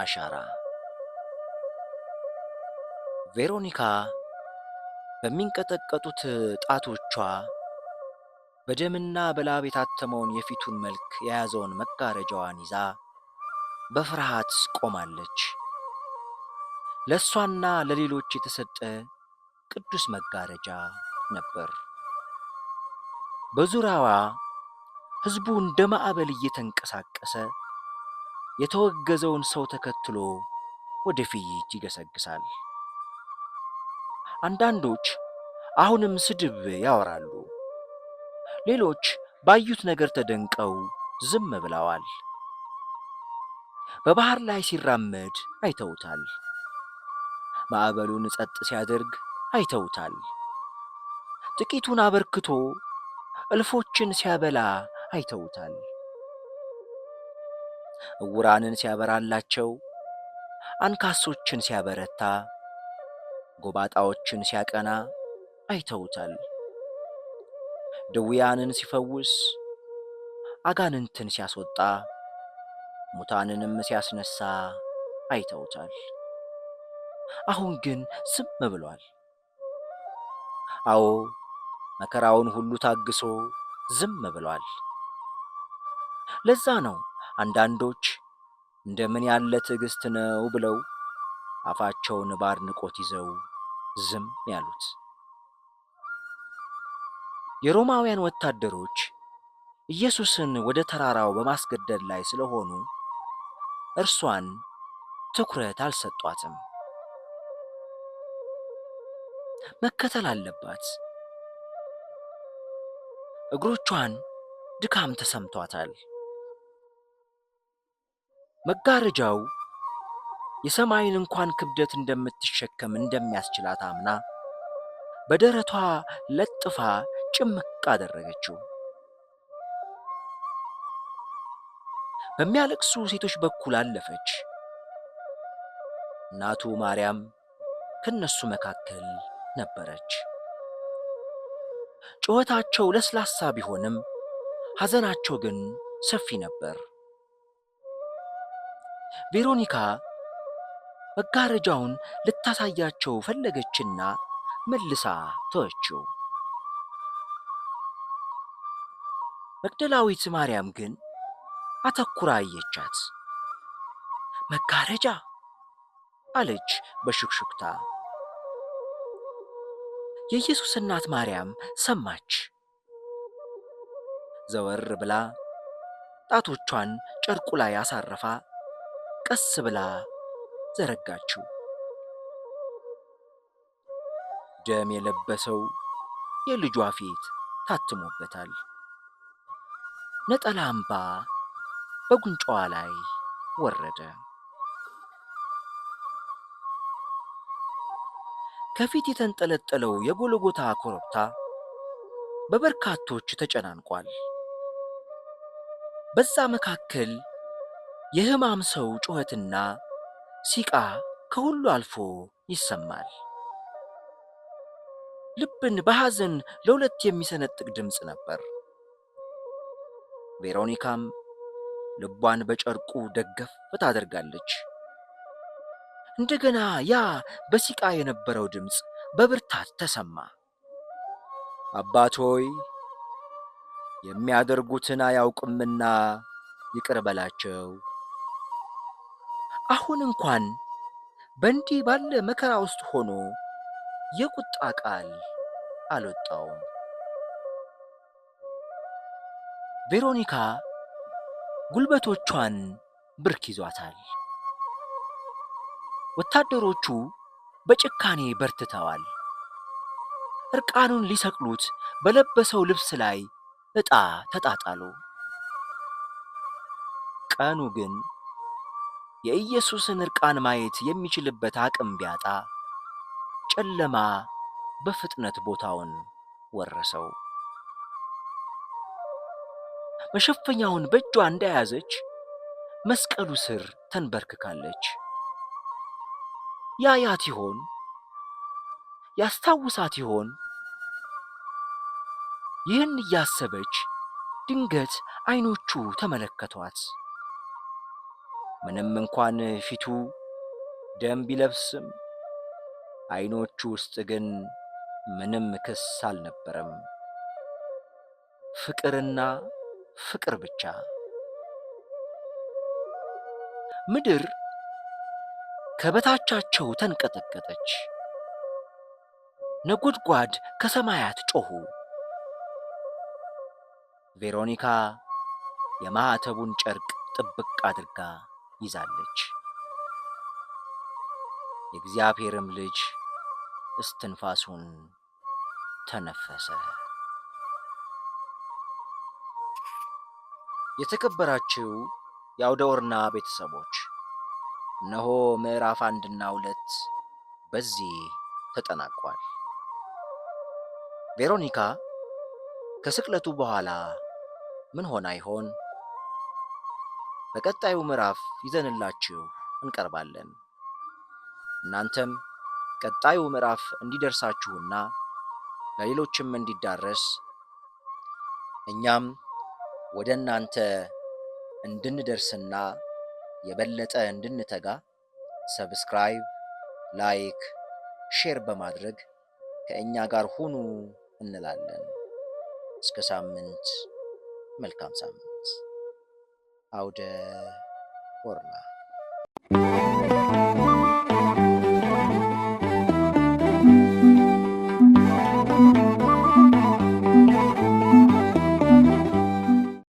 አሻራ ቬሮኒካ በሚንቀጠቀጡት ጣቶቿ በደምና በላብ የታተመውን የፊቱን መልክ የያዘውን መጋረጃዋን ይዛ በፍርሃት ቆማለች። ለእሷና ለሌሎች የተሰጠ ቅዱስ መጋረጃ ነበር። በዙሪያዋ ሕዝቡ እንደ ማዕበል እየተንቀሳቀሰ የተወገዘውን ሰው ተከትሎ ወደ ወደፊት ይገሰግሳል። አንዳንዶች አሁንም ስድብ ያወራሉ። ሌሎች ባዩት ነገር ተደንቀው ዝም ብለዋል። በባህር ላይ ሲራመድ አይተውታል። ማዕበሉን ጸጥ ሲያደርግ አይተውታል። ጥቂቱን አበርክቶ እልፎችን ሲያበላ አይተውታል። እውራንን ሲያበራላቸው፣ አንካሶችን ሲያበረታ፣ ጎባጣዎችን ሲያቀና አይተውታል። ድውያንን ሲፈውስ፣ አጋንንትን ሲያስወጣ፣ ሙታንንም ሲያስነሳ አይተውታል። አሁን ግን ዝም ብሏል። አዎ መከራውን ሁሉ ታግሶ ዝም ብሏል። ለዛ ነው አንዳንዶች እንደምን ያለ ትዕግስት ነው ብለው አፋቸውን ባርንቆት ይዘው ዝም ያሉት። የሮማውያን ወታደሮች ኢየሱስን ወደ ተራራው በማስገደል ላይ ስለሆኑ እርሷን ትኩረት አልሰጧትም። መከተል አለባት። እግሮቿን ድካም ተሰምቷታል። መጋረጃው የሰማይን እንኳን ክብደት እንደምትሸከም እንደሚያስችላት አምና በደረቷ ለጥፋ ጭምቅ አደረገችው። በሚያለቅሱ ሴቶች በኩል አለፈች። እናቱ ማርያም ከነሱ መካከል ነበረች። ጩኸታቸው ለስላሳ ቢሆንም ሐዘናቸው ግን ሰፊ ነበር። ቬሮኒካ መጋረጃውን ልታሳያቸው ፈለገችና መልሳ ተወችው። መግደላዊት ማርያም ግን አተኩራ አየቻት። መጋረጃ አለች በሽክሽክታ የኢየሱስ እናት ማርያም ሰማች። ዘወር ብላ ጣቶቿን ጨርቁ ላይ አሳርፋ ቀስ ብላ ዘረጋችው። ደም የለበሰው የልጇ ፊት ታትሞበታል። ነጠላ አምባ በጉንጫዋ ላይ ወረደ። ከፊት የተንጠለጠለው የጎልጎታ ኮረብታ በበርካቶች ተጨናንቋል። በዛ መካከል የሕማም ሰው ጩኸትና ሲቃ ከሁሉ አልፎ ይሰማል። ልብን በሐዘን ለሁለት የሚሰነጥቅ ድምፅ ነበር። ቬሮኒካም ልቧን በጨርቁ ደገፍ ታደርጋለች። እንደገና ያ በሲቃ የነበረው ድምፅ በብርታት ተሰማ። አባት ሆይ የሚያደርጉትን አያውቅምና ይቅር በላቸው አሁን እንኳን በእንዲህ ባለ መከራ ውስጥ ሆኖ የቁጣ ቃል አልወጣውም። ቬሮኒካ ጉልበቶቿን ብርክ ይዟታል። ወታደሮቹ በጭካኔ በርትተዋል። እርቃኑን ሊሰቅሉት በለበሰው ልብስ ላይ ዕጣ ተጣጣሉ። ቀኑ ግን የኢየሱስን ዕርቃን ማየት የሚችልበት አቅም ቢያጣ ጨለማ በፍጥነት ቦታውን ወረሰው። መሸፈኛውን በእጇ እንደያዘች መስቀሉ ስር ተንበርክካለች። ያያት ይሆን? ያስታውሳት ይሆን? ይህን እያሰበች ድንገት ዐይኖቹ ተመለከቷት። ምንም እንኳን ፊቱ ደም ቢለብስም አይኖቹ ውስጥ ግን ምንም ክስ አልነበረም። ፍቅርና ፍቅር ብቻ። ምድር ከበታቻቸው ተንቀጠቀጠች። ነጎድጓድ ከሰማያት ጮኹ። ቬሮኒካ የማዕተቡን ጨርቅ ጥብቅ አድርጋ ይዛለች። የእግዚአብሔርም ልጅ እስትንፋሱን ተነፈሰ። የተከበራችሁ የአውደ ኦርና ቤተሰቦች እነሆ ምዕራፍ አንድና ሁለት በዚህ ተጠናቋል። ቬሮኒካ ከስቅለቱ በኋላ ምን ሆና ይሆን? በቀጣዩ ምዕራፍ ይዘንላችሁ እንቀርባለን። እናንተም ቀጣዩ ምዕራፍ እንዲደርሳችሁና ለሌሎችም እንዲዳረስ እኛም ወደ እናንተ እንድንደርስና የበለጠ እንድንተጋ ሰብስክራይብ፣ ላይክ፣ ሼር በማድረግ ከእኛ ጋር ሁኑ እንላለን። እስከ ሳምንት፣ መልካም ሳምንት። አውደ ወርና